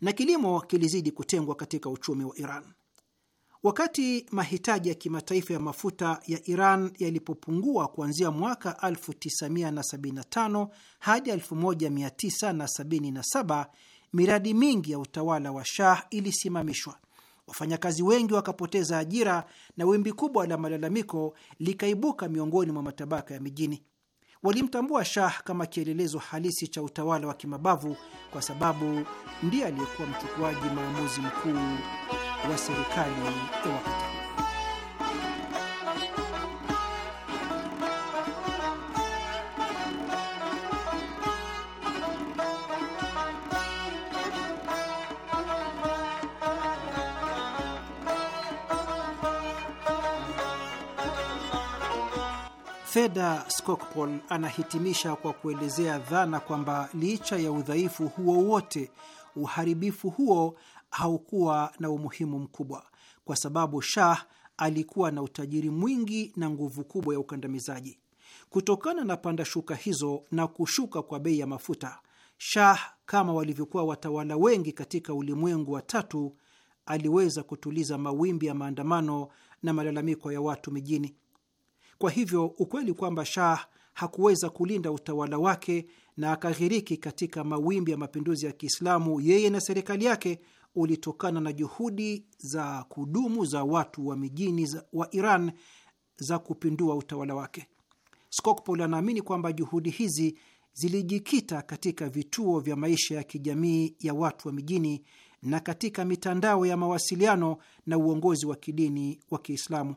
na kilimo kilizidi kutengwa katika uchumi wa Iran. Wakati mahitaji ya kimataifa ya mafuta ya Iran yalipopungua kuanzia mwaka 1975 hadi 1977, miradi mingi ya utawala wa Shah ilisimamishwa wafanyakazi wengi wakapoteza ajira na wimbi kubwa la malalamiko likaibuka miongoni mwa matabaka ya mijini. Walimtambua Shah kama kielelezo halisi cha utawala wa kimabavu kwa sababu ndiye aliyekuwa mchukuaji maamuzi mkuu wa serikali ya wakati. Theda Skocpol anahitimisha kwa kuelezea dhana kwamba licha ya udhaifu huo wote, uharibifu huo haukuwa na umuhimu mkubwa, kwa sababu Shah alikuwa na utajiri mwingi na nguvu kubwa ya ukandamizaji. Kutokana na pandashuka hizo na kushuka kwa bei ya mafuta, Shah kama walivyokuwa watawala wengi katika ulimwengu wa tatu, aliweza kutuliza mawimbi ya maandamano na malalamiko ya watu mijini. Kwa hivyo ukweli kwamba Shah hakuweza kulinda utawala wake na akaghiriki katika mawimbi ya mapinduzi ya Kiislamu yeye na serikali yake ulitokana na juhudi za kudumu za watu wa mijini wa Iran za kupindua utawala wake. Skocpol anaamini kwamba juhudi hizi zilijikita katika vituo vya maisha ya kijamii ya watu wa mijini na katika mitandao ya mawasiliano na uongozi wa kidini wa Kiislamu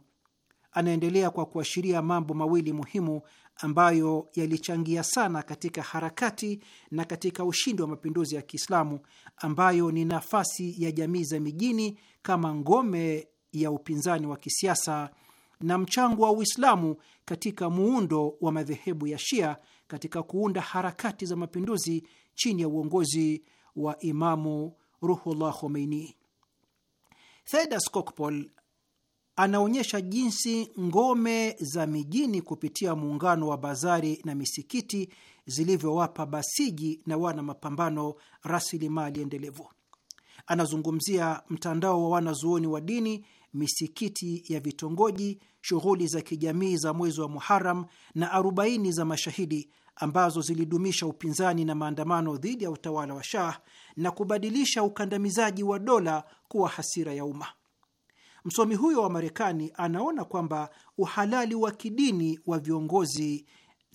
anaendelea kwa kuashiria mambo mawili muhimu ambayo yalichangia sana katika harakati na katika ushindi wa mapinduzi ya Kiislamu, ambayo ni nafasi ya jamii za mijini kama ngome ya upinzani wa kisiasa na mchango wa Uislamu katika muundo wa madhehebu ya Shia katika kuunda harakati za mapinduzi chini ya uongozi wa Imamu Ruhullah Khomeini. Theda Skocpol anaonyesha jinsi ngome za mijini kupitia muungano wa bazari na misikiti zilivyowapa basiji na wana mapambano rasilimali endelevu. Anazungumzia mtandao wa wanazuoni wa dini, misikiti ya vitongoji, shughuli za kijamii za mwezi wa Muharam na arobaini za mashahidi ambazo zilidumisha upinzani na maandamano dhidi ya utawala wa Shah na kubadilisha ukandamizaji wa dola kuwa hasira ya umma. Msomi huyo wa Marekani anaona kwamba uhalali wa kidini wa viongozi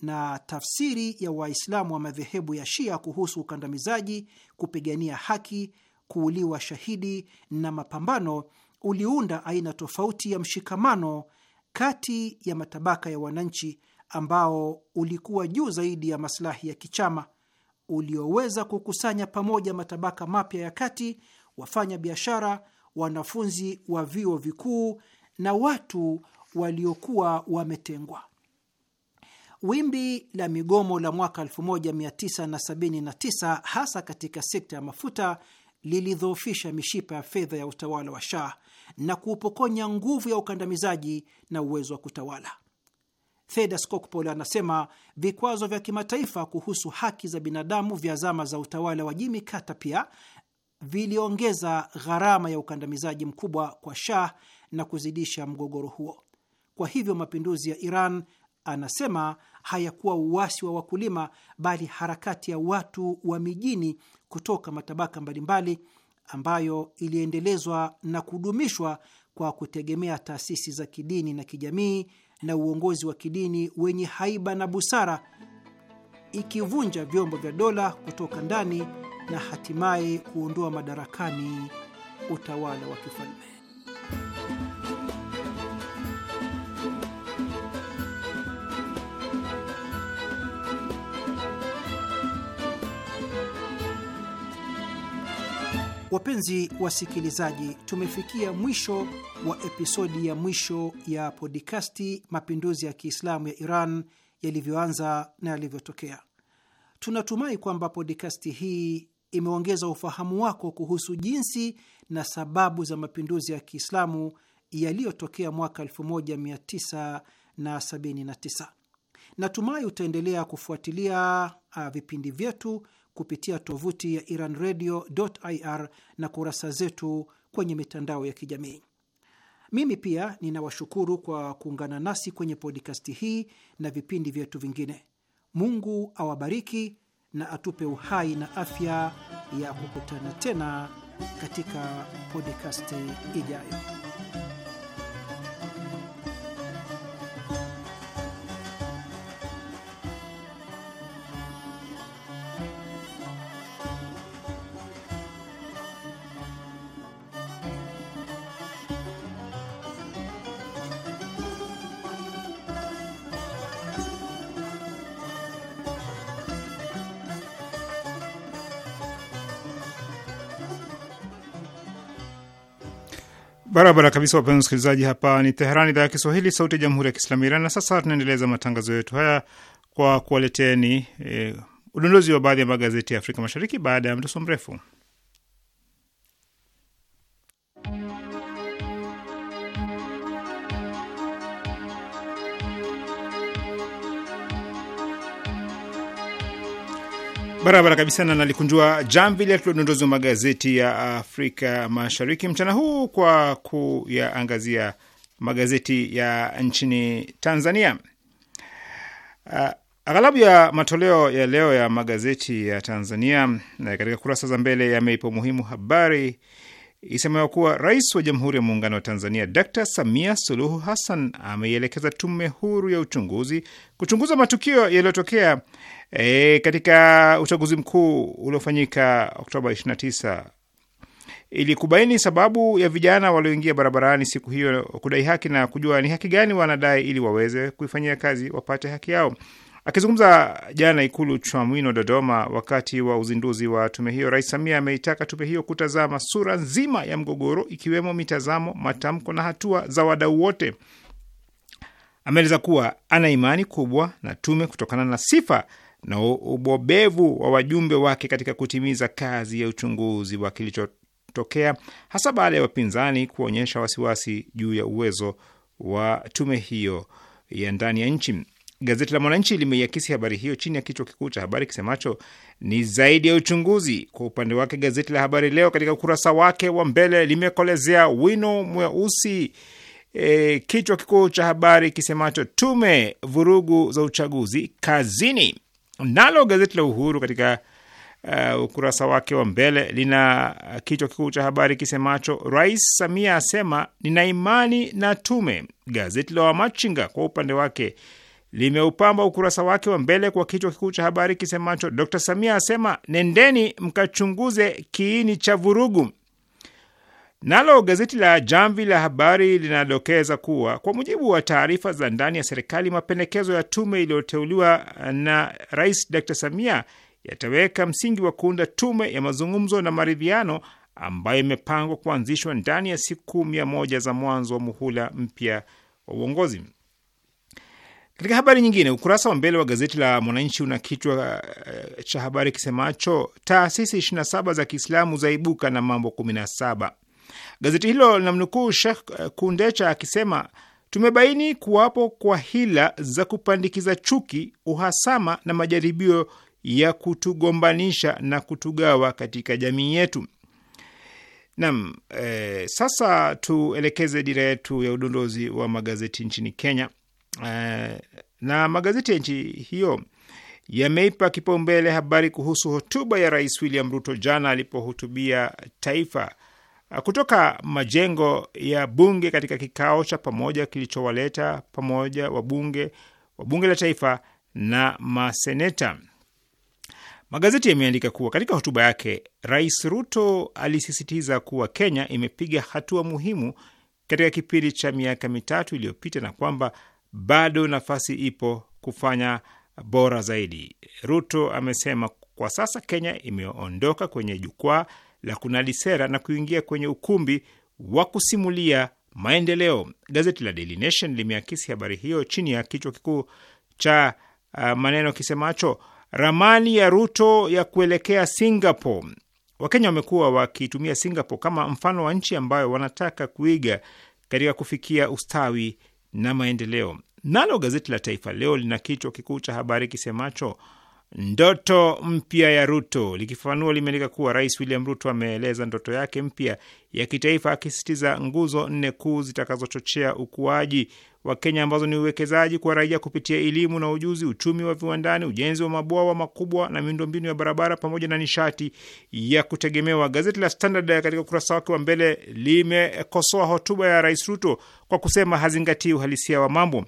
na tafsiri ya Waislamu wa madhehebu ya Shia kuhusu ukandamizaji, kupigania haki, kuuliwa shahidi na mapambano uliunda aina tofauti ya mshikamano kati ya matabaka ya wananchi ambao ulikuwa juu zaidi ya maslahi ya kichama, ulioweza kukusanya pamoja matabaka mapya ya kati, wafanya biashara wanafunzi wa vyuo vikuu na watu waliokuwa wametengwa. Wimbi la migomo la mwaka 1979 hasa katika sekta ya mafuta lilidhoofisha mishipa ya fedha ya utawala wa Shah na kuupokonya nguvu ya ukandamizaji na uwezo wa kutawala. Theda Skocpol anasema vikwazo vya kimataifa kuhusu haki za binadamu vya zama za utawala wa Jimmy Carter pia viliongeza gharama ya ukandamizaji mkubwa kwa Shah na kuzidisha mgogoro huo. Kwa hivyo mapinduzi ya Iran, anasema, hayakuwa uasi wa wakulima, bali harakati ya watu wa mijini kutoka matabaka mbalimbali ambayo iliendelezwa na kudumishwa kwa kutegemea taasisi za kidini na kijamii na uongozi wa kidini wenye haiba na busara, ikivunja vyombo vya dola kutoka ndani na hatimaye kuondoa madarakani utawala wa kifalme. Wapenzi wasikilizaji, tumefikia mwisho wa episodi ya mwisho ya podikasti mapinduzi ya Kiislamu ya Iran yalivyoanza na yalivyotokea. Tunatumai kwamba podikasti hii imeongeza ufahamu wako kuhusu jinsi na sababu za mapinduzi ya Kiislamu yaliyotokea mwaka 1979. Natumai utaendelea kufuatilia uh, vipindi vyetu kupitia tovuti ya iranradio.ir na kurasa zetu kwenye mitandao ya kijamii. Mimi pia ninawashukuru kwa kuungana nasi kwenye podkasti hii na vipindi vyetu vingine. Mungu awabariki na atupe uhai na afya ya kukutana tena katika podcast ijayo. Barabara kabisa, wapenzi msikilizaji, hapa ni Teherani, idhaa ya Kiswahili, sauti ya jamhuri ya kiislamu Iran. Na sasa tunaendeleza matangazo yetu haya kwa kuwaleteni eh, udondozi wa baadhi ya magazeti ya Afrika Mashariki baada ya mtoso mrefu Barabara kabisa, na nalikunjua jamvi letu la wa magazeti ya Afrika Mashariki mchana huu kwa kuyaangazia magazeti ya nchini Tanzania. Uh, aghalabu ya matoleo ya leo ya magazeti ya Tanzania katika kurasa za mbele yameipa umuhimu habari isemewa kuwa Rais wa Jamhuri ya Muungano wa Tanzania dr Samia Suluhu Hassan ameielekeza Tume Huru ya Uchunguzi kuchunguza matukio yaliyotokea e, katika uchaguzi mkuu uliofanyika Oktoba 29 ili kubaini sababu ya vijana walioingia barabarani siku hiyo kudai haki na kujua ni haki gani wanadai ili waweze kuifanyia kazi wapate haki yao. Akizungumza jana Ikulu Chamwino, Dodoma, wakati wa uzinduzi wa tume hiyo, Rais Samia ameitaka tume hiyo kutazama sura nzima ya mgogoro, ikiwemo mitazamo, matamko na hatua za wadau wote. Ameeleza kuwa ana imani kubwa na tume kutokana na sifa na ubobevu wa wajumbe wake katika kutimiza kazi ya uchunguzi wa kilichotokea, hasa baada ya wapinzani kuonyesha wasiwasi juu ya uwezo wa tume hiyo ya ndani ya nchi. Gazeti la Mwananchi limeiakisi habari hiyo chini ya kichwa kikuu cha habari kisemacho ni zaidi ya uchunguzi. Kwa upande wake, gazeti la Habari Leo katika ukurasa wake wa mbele limekolezea wino mweusi e, kichwa kikuu cha habari kisemacho tume vurugu za uchaguzi kazini. Nalo gazeti la Uhuru katika uh, ukurasa wake wa mbele lina kichwa kikuu cha habari kisemacho Rais Samia asema nina imani na tume. Gazeti la Wamachinga kwa upande wake limeupamba ukurasa wake wa mbele kwa kichwa kikuu cha habari kisemacho Dr Samia asema nendeni mkachunguze kiini cha vurugu. Nalo gazeti la Jamvi la Habari linadokeza kuwa kwa mujibu wa taarifa za ndani ya serikali, mapendekezo ya tume iliyoteuliwa na Rais Dr Samia yataweka msingi wa kuunda tume ya mazungumzo na maridhiano ambayo imepangwa kuanzishwa ndani ya siku mia moja za mwanzo wa muhula mpya wa uongozi. Katika habari nyingine, ukurasa wa mbele wa gazeti la Mwananchi una kichwa uh, cha habari kisemacho taasisi 27 za Kiislamu zaibuka na mambo 17. Gazeti hilo linamnukuu Sheikh eh, Kundecha akisema tumebaini kuwapo kwa hila za kupandikiza chuki, uhasama na majaribio ya kutugombanisha na kutugawa katika jamii yetu. nam eh, sasa tuelekeze dira yetu ya udondozi wa magazeti nchini Kenya Eh, na magazeti ya nchi hiyo yameipa kipaumbele habari kuhusu hotuba ya Rais William Ruto jana alipohutubia taifa eh, kutoka majengo ya bunge katika kikao cha pamoja kilichowaleta pamoja wabunge wa bunge la taifa na maseneta. Magazeti yameandika kuwa katika hotuba yake Rais Ruto alisisitiza kuwa Kenya imepiga hatua muhimu katika kipindi cha miaka mitatu iliyopita na kwamba bado nafasi ipo kufanya bora zaidi. Ruto amesema kwa sasa Kenya imeondoka kwenye jukwaa la kunadi sera na kuingia kwenye ukumbi wa kusimulia maendeleo. Gazeti la Daily Nation limeakisi habari hiyo chini ya kichwa kikuu cha uh, maneno kisemacho ramani ya Ruto ya kuelekea Singapore. Wakenya wamekuwa wakitumia Singapore kama mfano wa nchi ambayo wanataka kuiga katika kufikia ustawi na maendeleo. Nalo gazeti la Taifa Leo lina kichwa kikuu cha habari kisemacho ndoto mpya ya Ruto. Likifafanua, limeandika kuwa Rais William Ruto ameeleza ndoto yake mpya ya kitaifa, akisisitiza nguzo nne kuu zitakazochochea ukuaji wa Kenya ambazo ni uwekezaji kwa raia kupitia elimu na ujuzi, uchumi wa viwandani, ujenzi wa mabwawa makubwa na miundombinu ya barabara, pamoja na nishati ya kutegemewa. Gazeti la Standard katika ukurasa wake wa mbele limekosoa hotuba ya Rais Ruto kwa kusema hazingatii uhalisia wa mambo.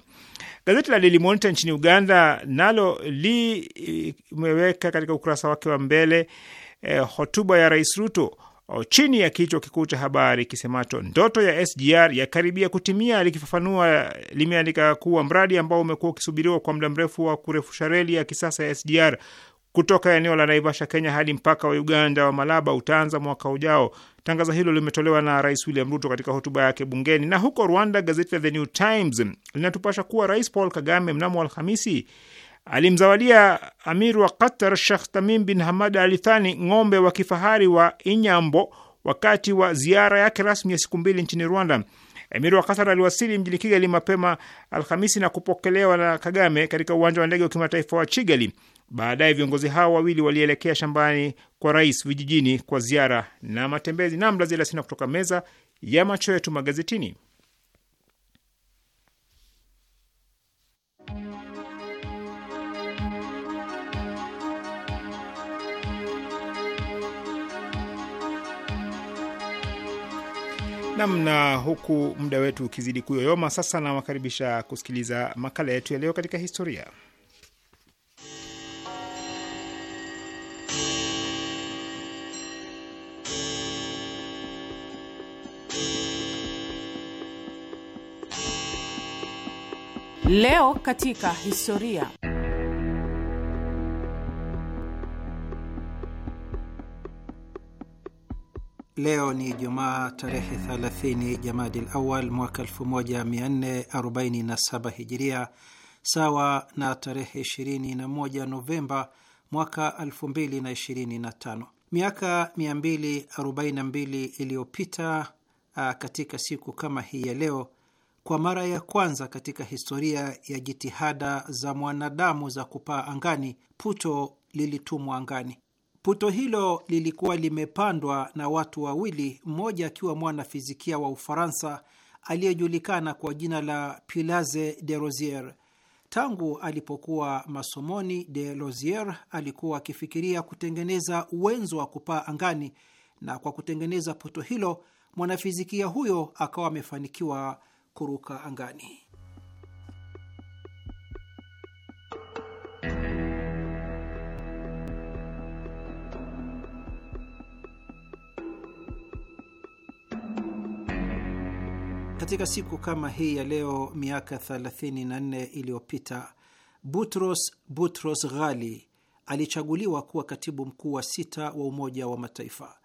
Gazeti la Daily Monitor nchini Uganda nalo limeweka eh, katika ukurasa wake wa mbele eh, hotuba ya Rais Ruto oh, chini ya kichwa kikuu cha habari kisemacho ndoto ya SGR yakaribia kutimia. Likifafanua, limeandika kuwa mradi ambao umekuwa ukisubiriwa kwa muda mrefu wa kurefusha reli ya kisasa ya SGR kutoka eneo la Naivasha, Kenya hadi mpaka wa Uganda wa Malaba utaanza mwaka ujao Tangazo hilo limetolewa na Rais William Ruto katika hotuba yake bungeni. Na huko Rwanda, gazeti la The New Times linatupasha kuwa Rais Paul Kagame mnamo Alhamisi alimzawadia amir wa Qatar shekh Tamim bin Hamad Al Thani ng'ombe wa kifahari wa Inyambo wakati wa ziara yake rasmi ya siku mbili nchini Rwanda. Emir wa Qatar aliwasili mjini Kigali mapema Alhamisi na kupokelewa na Kagame katika uwanja wa ndege wa kimataifa wa Kigali. Baadaye viongozi hao wawili walielekea shambani kwa rais, vijijini kwa ziara na matembezi. na mlazila sina kutoka meza ya macho yetu magazetini. namna huku muda wetu ukizidi kuyoyoma, sasa nawakaribisha kusikiliza makala yetu ya leo katika historia Leo katika historia. Leo ni Jumaa tarehe 30 Jamadil Awal mwaka 1447 Hijiria, sawa na tarehe 21 Novemba mwaka 2025. Miaka 242 iliyopita ah, katika siku kama hii ya leo kwa mara ya kwanza katika historia ya jitihada za mwanadamu za kupaa angani, puto lilitumwa angani. Puto hilo lilikuwa limepandwa na watu wawili, mmoja akiwa mwana fizikia wa Ufaransa aliyejulikana kwa jina la Pilaze de Rosier. Tangu alipokuwa masomoni, de Rosier alikuwa akifikiria kutengeneza uwenzo wa kupaa angani, na kwa kutengeneza puto hilo mwanafizikia huyo akawa amefanikiwa kuruka angani. Katika siku kama hii ya leo miaka 34 iliyopita Butros Butros Ghali alichaguliwa kuwa katibu mkuu wa sita wa Umoja wa Mataifa.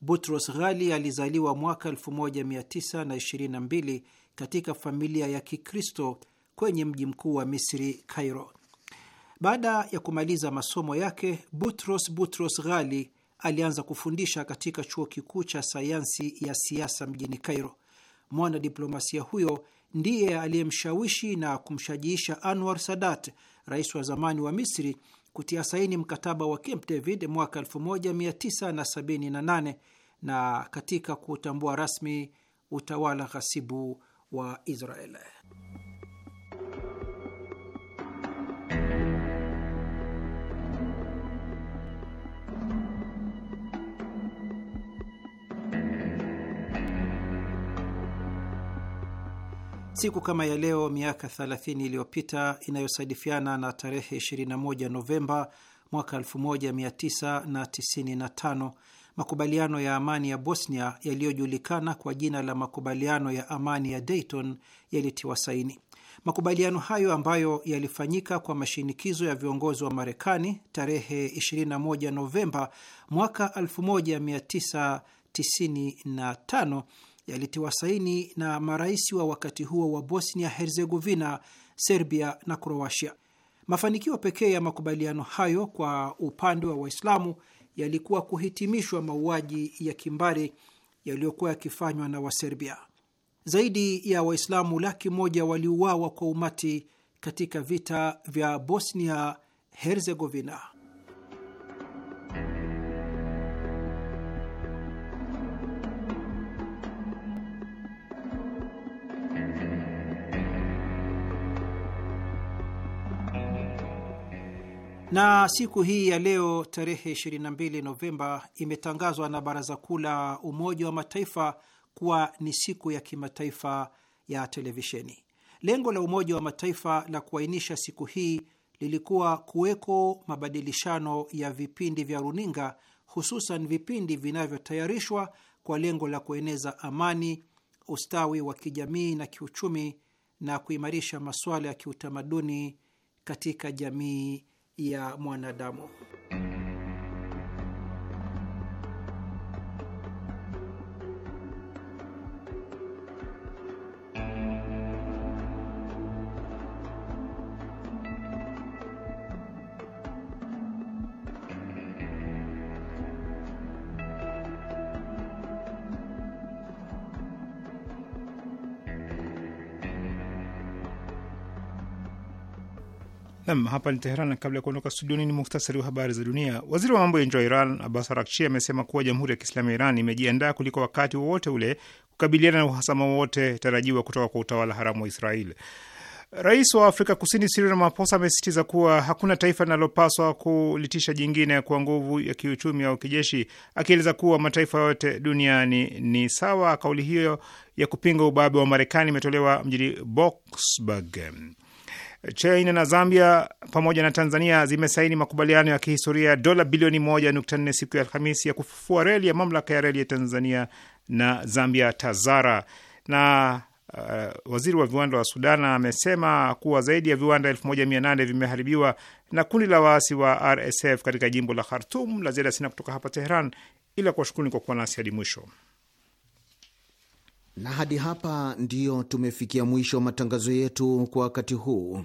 Butros Ghali alizaliwa mwaka 1922 katika familia ya Kikristo kwenye mji mkuu wa Misri, cairo Baada ya kumaliza masomo yake, Butros Butros Ghali alianza kufundisha katika chuo kikuu cha sayansi ya siasa mjini cairo Mwana diplomasia huyo ndiye aliyemshawishi na kumshajiisha Anwar Sadat, rais wa zamani wa Misri, kutia saini mkataba wa Camp David mwaka 1978 na katika kutambua rasmi utawala ghasibu wa Israel. Siku kama ya leo miaka 30 iliyopita inayosadifiana na tarehe 21 Novemba mwaka 1995 makubaliano ya amani ya Bosnia yaliyojulikana kwa jina la makubaliano ya amani ya Dayton yalitiwa saini. Makubaliano hayo ambayo yalifanyika kwa mashinikizo ya viongozi wa Marekani tarehe 21 Novemba mwaka 1995 yalitiwa saini na marais wa wakati huo wa Bosnia Herzegovina, Serbia na Kroatia. Mafanikio pekee ya makubaliano hayo kwa upande wa Waislamu yalikuwa kuhitimishwa mauaji ya kimbari yaliyokuwa yakifanywa na Waserbia. Zaidi ya Waislamu laki moja waliuawa kwa umati katika vita vya Bosnia Herzegovina. Na siku hii ya leo tarehe 22 Novemba imetangazwa na Baraza Kuu la Umoja wa Mataifa kuwa ni siku ya kimataifa ya televisheni. Lengo la Umoja wa Mataifa la kuainisha siku hii lilikuwa kuweko mabadilishano ya vipindi vya runinga, hususan vipindi vinavyotayarishwa kwa lengo la kueneza amani, ustawi wa kijamii na kiuchumi na kuimarisha masuala ya kiutamaduni katika jamii ya mwanadamu. Nam, hapa ni Teheran, na kabla ya kuondoka studioni ni muhtasari wa habari za dunia. Waziri wa mambo ya nje wa Iran Abbas Arakchi amesema kuwa Jamhuri ya Kiislamu ya Iran imejiandaa kuliko wakati wowote ule kukabiliana na uhasama wowote tarajiwa kutoka kwa utawala haramu wa Israel. Rais wa Afrika Kusini Cyril Ramaphosa amesisitiza kuwa hakuna taifa linalopaswa kulitisha jingine kwa nguvu ya kiuchumi au kijeshi, akieleza kuwa mataifa yote duniani ni sawa. Kauli hiyo ya kupinga ubabe wa Marekani imetolewa mjini Boksburg. China na Zambia pamoja na Tanzania zimesaini makubaliano ya kihistoria ya dola bilioni moja nukta nne siku ya Alhamisi ya kufufua reli ya mamlaka ya reli ya Tanzania na Zambia, TAZARA. Na uh, waziri wa viwanda wa Sudan amesema kuwa zaidi ya viwanda elfu moja mia nane vimeharibiwa na kundi la waasi wa RSF katika jimbo la Khartum. La ziada sina kutoka hapa Teheran, ila kuwashukuruni kwa kuwa nasi hadi mwisho na hadi hapa ndiyo tumefikia mwisho wa matangazo yetu kwa wakati huu.